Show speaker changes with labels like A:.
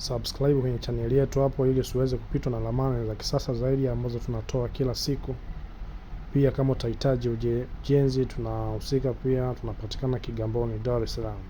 A: subscribe kwenye chaneli yetu hapo, ili usiweze kupitwa na ramani za kisasa zaidi ambazo tunatoa kila siku. Pia kama utahitaji ujenzi, tunahusika pia, tunapatikana Kigamboni, Dar es Salaam.